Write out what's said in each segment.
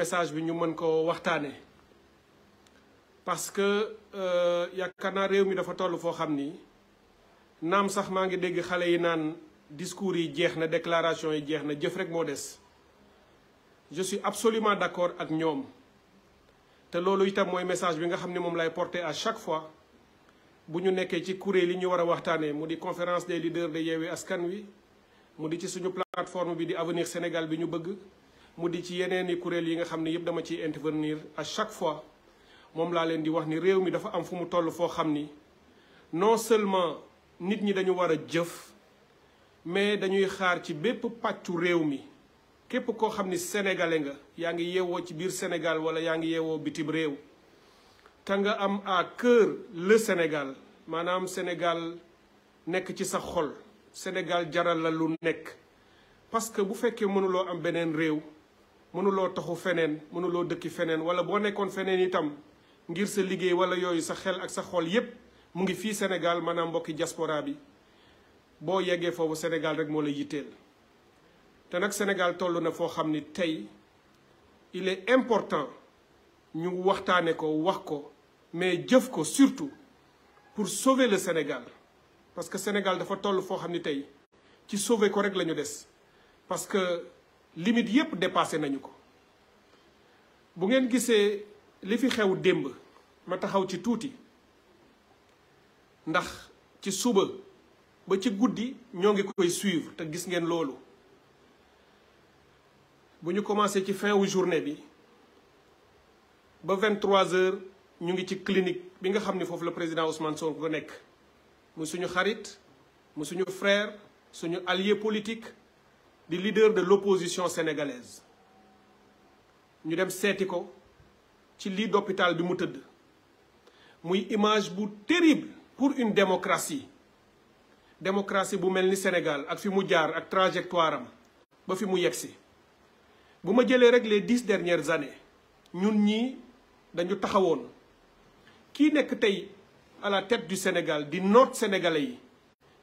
message bi ñu mën ko waxtaane parce que euh, yaakaar naa réew mi dafa toll foo xam ni naam sax maa ngi dégg xale yi naan discours yi jeex na déclaration yi jeex na jëf rek moo des je suis absolument d'accord ak ñoom te loolu itam mooy message bi nga xam ne moom lay porter à chaque fois bu ñu nekkee ci kuréel yi ñuy war a waxtaanee mu di conférence des leaders de Yewwi Askan Wi mu di ci suñu plateforme bi di avenir Sénégal bi ñu bëgg mu di ci yeneen i kuréel yi nga xam ne yëpp dama ciy intervenir a chaque fois moom laa leen di wax ni réew mi dafa am fu mu toll foo xam ni non seulement nit ñi dañu war a jëf mais dañuy xaar ci bépp pàccu réew mi képp koo xam ni sénégalais nga yaa ngi yeewoo ci biir Sénégal wala yaa ngi yeewoo bitim réew te nga am a cœur le Sénégal maanaam Sénégal nekk ci sa xol Sénégal jaral la lu nekk parce que bu fekkee mënuloo am beneen réew mënuloo taxu feneen mënuloo dëkki feneen wala boo nekkoon feneen itam ngir sa liggéey wala yooyu sa xel ak sa xool yépp mu ngi fii Sénégal maanaam mbokki diaspora bi boo yeggee foofu Sénégal rek moo la yitteel te nag Sénégal toll na foo xam ni tey il est important ñu waxtaane ko wax ko mais jëf ko surtout pour sauver le Sénégal parce que Sénégal dafa toll foo xam ni tey ci sauver ko rek la ñu des parce limite yépp dépassé nañu ko bu ngeen gisee li fi xew démb ma taxaw ci tuuti ndax ci suba ba ci guddi ñoo ngi koy suivre te gis ngeen loolu bu ñu commencé ci fin wu journée bi ba 23 heures ñu ngi ci clinique bi nga xam ni foofu la président Ousmane Sonko nekk mu suñu xarit mu suñu frère suñu allié politique di leader de l'opposition sénégalaise ñu dem seeti ko ci lii d'hôpital bi mu tëdd muy image bu terrible pour une démocratie démocratie bu mel ni Sénégal ak fi mu jaar ak trajectoire am ba fi mu yegsi bu ma jëlee rek les dix dernière années ñun ñii dañu taxawoon kii nekk tey à la du Sénégal di noot sénégalais yi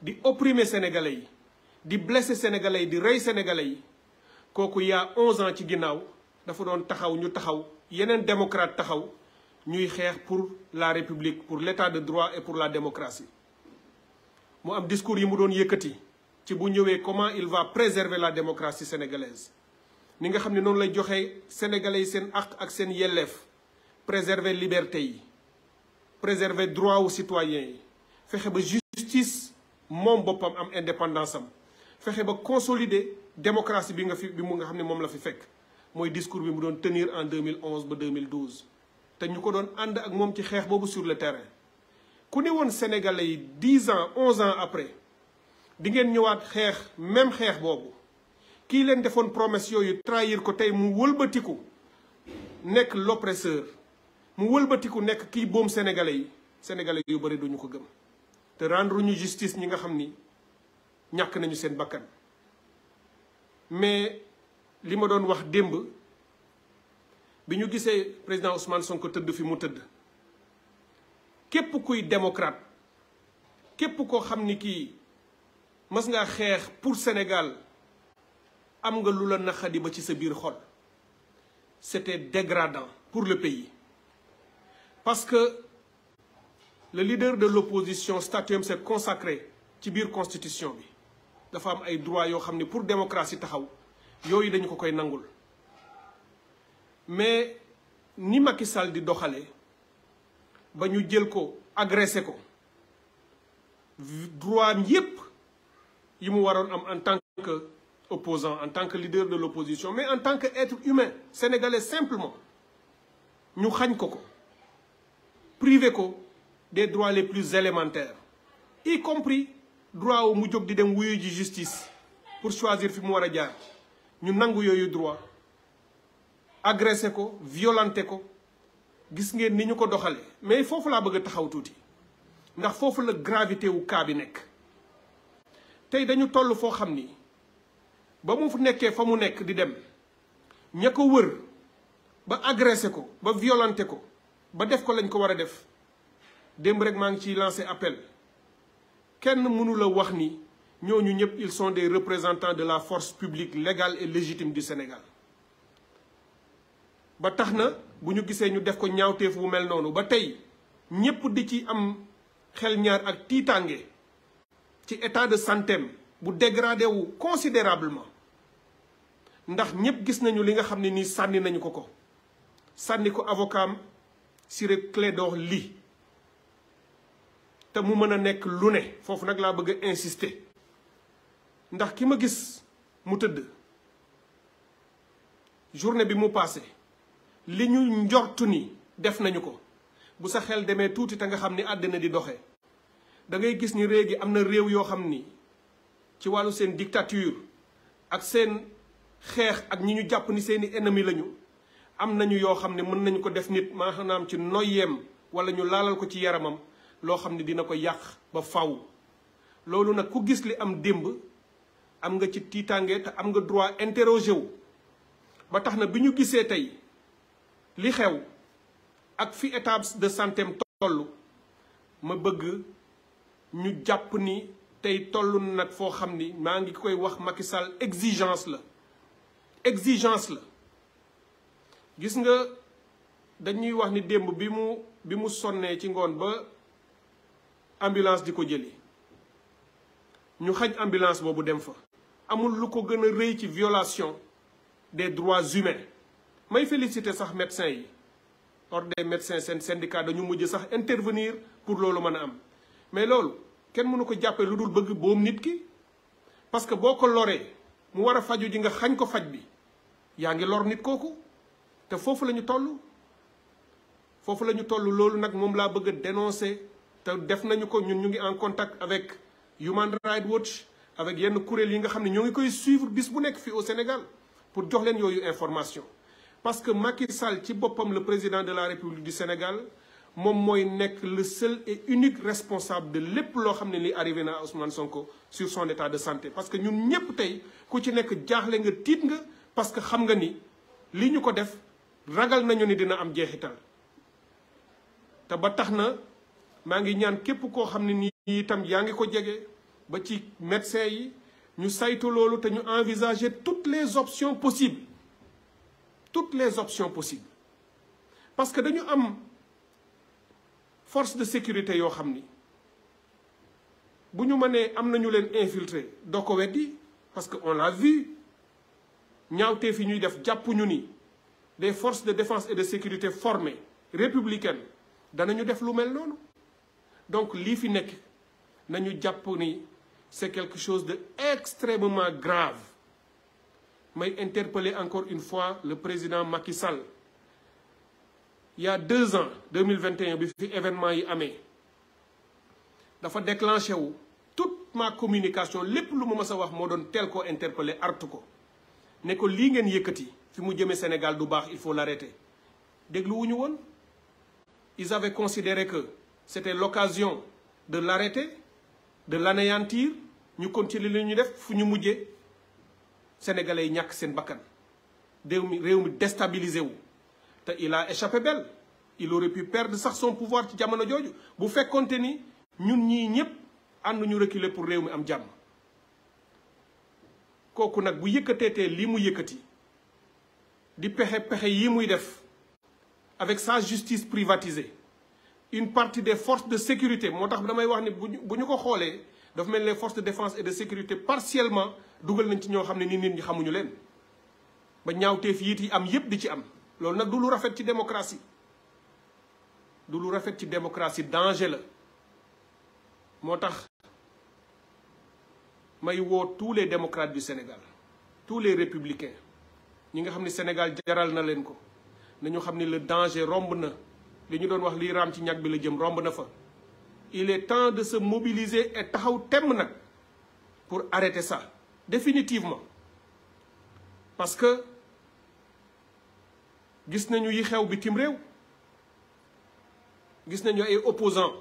di opprimer sénégalais yi di blessé sénégalais yi di rey sénégalais yi kooku yaa 11 ans ci ginnaaw dafa doon taxaw ñu taxaw yeneen démocrate taxaw ñuy xeex pour la république pour l'état de droit et pour la démocratie mu am discours yi mu doon yëkkati ci bu ñëwee comment il va préserver la démocratie sénégalaise ni nga xam ne noonu lay joxe sénégalais yi seen àq ak seen yelleef préserver liberté yi préserver droit aux citoyens yi fexe ba justice moom boppam am indépendance am fexe ba consolider démocratie bi nga fi bi mu nga xam ne moom la fi fekk mooy discours bi mu doon tenir en 2011 ba 2012 te ñu ko doon ànd ak moom ci xeex boobu sur le terrain ku ne woon sénégalais yi 10 ans 11 ans après di ngeen ñëwaat xeex même xeex boobu kii leen defoon promesse yooyu trahir ko tey mu wëlbatiku nekk l'oppresseur mu wëlbatiku nekk kii boom sénégalais yi sénégalais yu bëri duñu ko gëm te rendre ñu justice ñi nga xam ni ñàkk nañu seen bakkan mais li ma doon wax démb bi ñu gisee président Ousmane ko tëdd fi mu tëdd képp kuy démocrate képp koo xam ni kii mas ngaa xeex pour Sénégal am nga lu la naxadi ba ci sa biir xol c'était dégradant pour le pays parce que le leader de l'opposition statuam s'est consacré ci biir constitution bi dafa am ay droit yoo xam ne pour démocratie taxaw yooyu dañu ko koy nangul mais ni Macky Sall di doxale ba ñu jël ko agressé ko droit am yépp yi mu waroon am en tant que opposant en tant que leader de l'opposition mais en tant que être humain sénégalais simplement ñu xañ ko ko privé ko des droits les plus élémentaires y compris droit wu mu jóg di dem wuyu ji justice pour choisir fi mu war a jaar ñu nangu yooyu droit agressé ko violenté ko gis ngeen ni ñu ko doxale mais foofu laa bëgg taxaw tuuti ndax foofu la gravité wu cas bi nekk tey dañu toll foo xam ni ba mu nekkee fa mu nekk di dem ña ko wër ba agressé ko ba violenté ko ba def ko lañ ko war a def démb rek maa ngi ciy lancé appel kenn mënu wax ni ñooñu ñëpp ils sont des représentants de la force publique légale et légitime du Sénégal ba tax na bu ñu gisee ñu def ko ñaawteef bu mel noonu ba tey ñëpp di ci am xel ñaar ak tiitaange ci état de santem bu dégradé wu considérablement ndax ñëpp gis nañu li nga xam ne nii sànni nañu ko ko sànni ko avocat Ciré Clédor lii te mu mën a nekk lu ne foofu nag laa bëgg insisté ndax ki ma gis mu tëdd journée bi mu passé li ñu njortu ni def nañu ko bu sa xel demee tuuti te nga xam ni àddina di doxe dangay gis ni réegi am na réew yoo xam ni ci wàllu seen dictature ak seen xeex ak ñi ñu jàpp ni seeni ennemi lañu am nañu yoo xam ne mën nañu ko def nit maanaam ci noyyeem wala ñu laalal ko ci yaramam loo xam ne dina ko yàq ba faw loolu nag ku gis li am démb am nga ci tiitaange te am nga droit interroger wu ba tax na bi ñu gisee tey li xew ak fi état de santé am toll ma bëgg ñu jàpp ni tey toll nag foo xam ni maa ngi koy wax Macky Sall exigence la exigence la gis nga dañuy wax ni démb bi mu bi mu sonnee ci ngoon ba ambulance di ko jëli ñu xaj ambulance boobu dem fa amul lu ko gën a rëy ci violation des droits humains may féliciter sax médecins yi ordre des médecins seen syndicat dañu mujj sax intervenir pour loolu mën a am mais loolu kenn mënu ko jàppee lu dul bëgg boom nit ki parce que boo ko loree mu war a faju ji nga xañ ko faj bi yaa ngi lor nit kooku te foofu la ñu toll foofu la ñu toll loolu nag moom laa bëgg a dénoncer te def nañu ko ñun ñu ngi en contact avec Human Rights Watch avec yenn kuréel yi nga xam ne ñoo ngi koy suivre bis bu nekk fii au Sénégal pour jox leen yooyu information parce que Macky Sall ci boppam la président de la République du Sénégal moom mooy nekk le seul et unique responsable de lépp loo xam ne li arrivé na Ousmane Sonko sur son état de santé parce que ñun ñépp tey ku ci nekk jaaxle nga tiit nga parce que xam nga ni li ñu ko def ragal nañu ni dina am jeexital te tax na maa ngi ñaan képp koo xam ne nii itam yaa ngi ko jege ba ci médecin yi ñu saytu loolu te ñu envisager toutes les options possibles toutes les options possibles parce que dañu am force de sécurité yoo xam ni bu ñu mënee am nañu leen infiltré doo ko weddi parce que on l'a vu ñaawtee fi ñuy def jàpp ñu ni des force de défense et de sécurité formées républicaines danañu def lu mel noonu donc lii fi nekk nañu jàpp ni c'est quelque chose de extrêmement grave may interpeller encore une fois le président Macky Sall il y a deux ans 2021 bi fi événement yi amee dafa déclenché wu toute ma communication lépp lu ma mës a wax moo doon teel koo interpeller artu ko ne ko lii ngeen yëkkati fi mu jëmee Sénégal du baax il faut l'arrêter dégluwuñu woon ils avaient considéré que c'était l'occasion de l'arrêter de l'anéantir ñu continuer li ñu def fu ñu mujjee sénégalais yi ñàkk seen bakkan réew mi réew mi déstabilisé wu te il a échappé belle il aurait pu sax son pouvoir ci jamono jooju bu fekkonte ni ñun ñii ñëpp ànd ñu reculer pour réew mi am jàmm kooku nag bu yëkkateetee lii mu yëkkati di pexe pexe yii muy def avec sa justice privatisée une partie des force de sécurité moo tax damay wax ni ñu bu ñu ko xoolee dafa mel ne force de défense et de sécurité partiellement dugal nañ ci ñoo xam ne ni nit ñi xamuñu leen ba ñaawteef yiit yi am yépp di ci am loolu nag du lu rafet ci démocratie du lu rafet ci démocratie danger la moo tax may woo tous les démocrates du Sénégal tous les républicains ñi nga xam ne Sénégal jaral na leen ko nañu xam ne le danger romb na li ñu doon wax lii raam ci ñag bi la jëm romb na fa il est temps de se mobiliser et taxaw temm nag pour arrêter ça définitivement parce que gis nañu yi xew bitim réew gis nañu ay opposants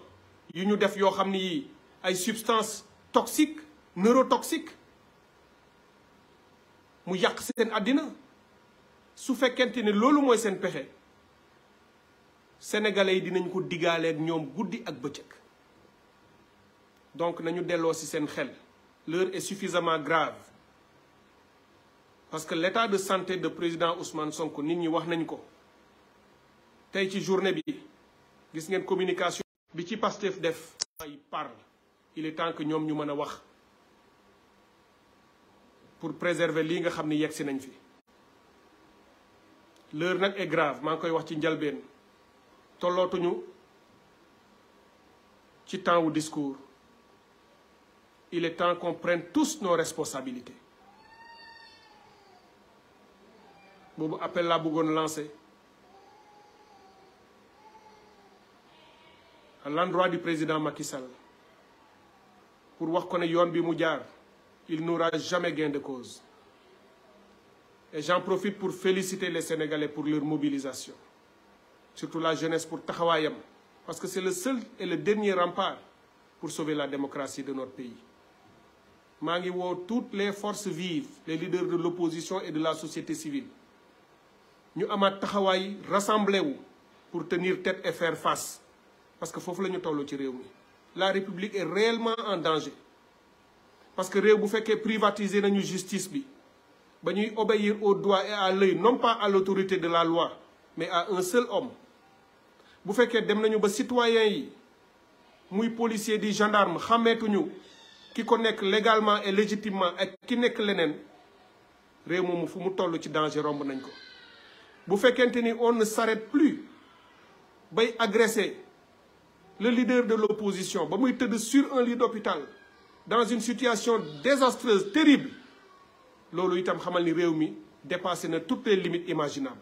yu ñu def yoo xam ni yi ay substances toxiques neurotoxiques mu yàq seen àddina su fekkente ne loolu mooy seen pexe sénégalais yi dinañ ko digaaleeg ñoom guddi ak bëccëg donc nañu delloo ci seen xel leur et suffisament grave parce que l'état de santé de président Ousmane Sonko nit ñi wax nañ ko tey ci journée bi gis ngeen communication bi ci Pastef def ay parle il est temps que ñoom ñu mën a wax pour préserver lii nga xam ni yegg si nañ fi leur nag est grave maa ngi koy wax ci njalbeen tollootuñu ci temps wu discours il est temps qu'on prenne tous nos responsabilités boobu appel la bëggoon lancé à l'endroit du président Macky pour wax ko ne yoon bi mu jaar il n'aura jamais gain de cause et j'en profite pour féliciter les Sénégalais pour leur mobilisation surtout la jeunesse pour taxawaayam parce que c'est le seul et le dernier rempart pour sauver la démocratie de notre pays maa ngi woo toutes les forces vives les leaders de l'opposition et de la société civile ñu amaat taxawaay rassemblé wu pour tenir tête et faire face parce que foofu la ñu toll ci réew mi la république est réellement en danger parce que réew bu fekkee privatiser nañu justice bi ba ñuy obéir au doigt et à l'œil non pas à l'autorité de la loi mais à un seul homme bu fekkee dem nañu ba citoyen yi muy policier di gendarme xàmmeetuñu ki ko nekk légalement et légitimement ak ki nekk leneen réew moomu fu mu toll ci danger romb nañ ko bu fekkente ni on ne s'arrête plus bay agressé le leader de l'opposition ba muy tëdd sur un lit d'hôpital dans une situation désastreuse terrible loolu itam xamal ni réew mi dépassé na toutes les limites imaginables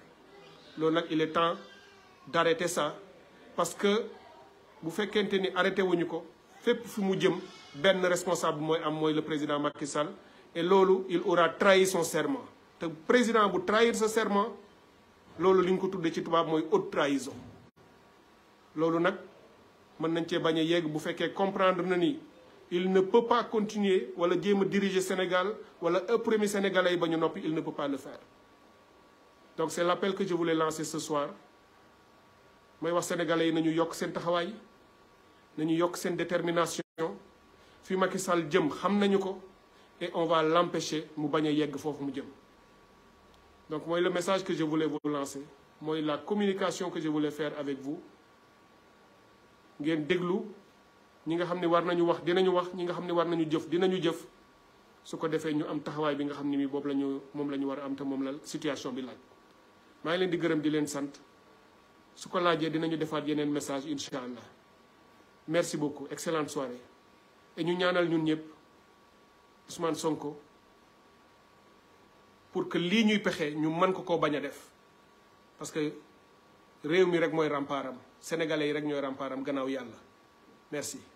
loolu nag il est temps d'arrêter ça parce que bu fekkente ni arrêté wuñu ko fépp fu mu jëm benn responsable mooy am mooy le président Macky Sall et loolu il aura trahi son serment te président bu trahir sa serment loolu li ko tuddee ci tubaab mooy haute trahison loolu nag mën nañ cee bañ a yegg bu fekkee comprendre na ni il ne peut pas continuer wala jéem a diriger Sénégal wala un premier sénégalais ba ñu noppi il ne peut pas le faire donc c'est l'appel que je voulais ce soir mooy wax sénégalais yi nañu yokk seen taxawaay nañu yokk seen détermination fi Macky Sall jëm xam nañu ko et on va mu bañ a yegg foofu mu jëm donc mooy le message que je voulais vous lancer mooy la communication que je voulais faire avec vous ngeen déglu ñi nga xam ne war nañu wax dinañu wax ñi nga xam ne war nañu jëf dinañu jëf su ko defee ñu am taxawaay bi nga xam ne mi boobu la ñu moom lañu war a am te moom la situation bi laaj maa ngi leen di gërëm di leen sant su ko laajee dinañu defaat yeneen message incha allah merci beaucoup excellente soirée et ñu ñaanal ñun ñëpp Ousmane Sonko pour que lii ñuy pexe ñu mën ko koo bañ a def parce que réew mi rek mooy rempart am sénégalais yi rek ñooy rempart am gannaaw yàlla merci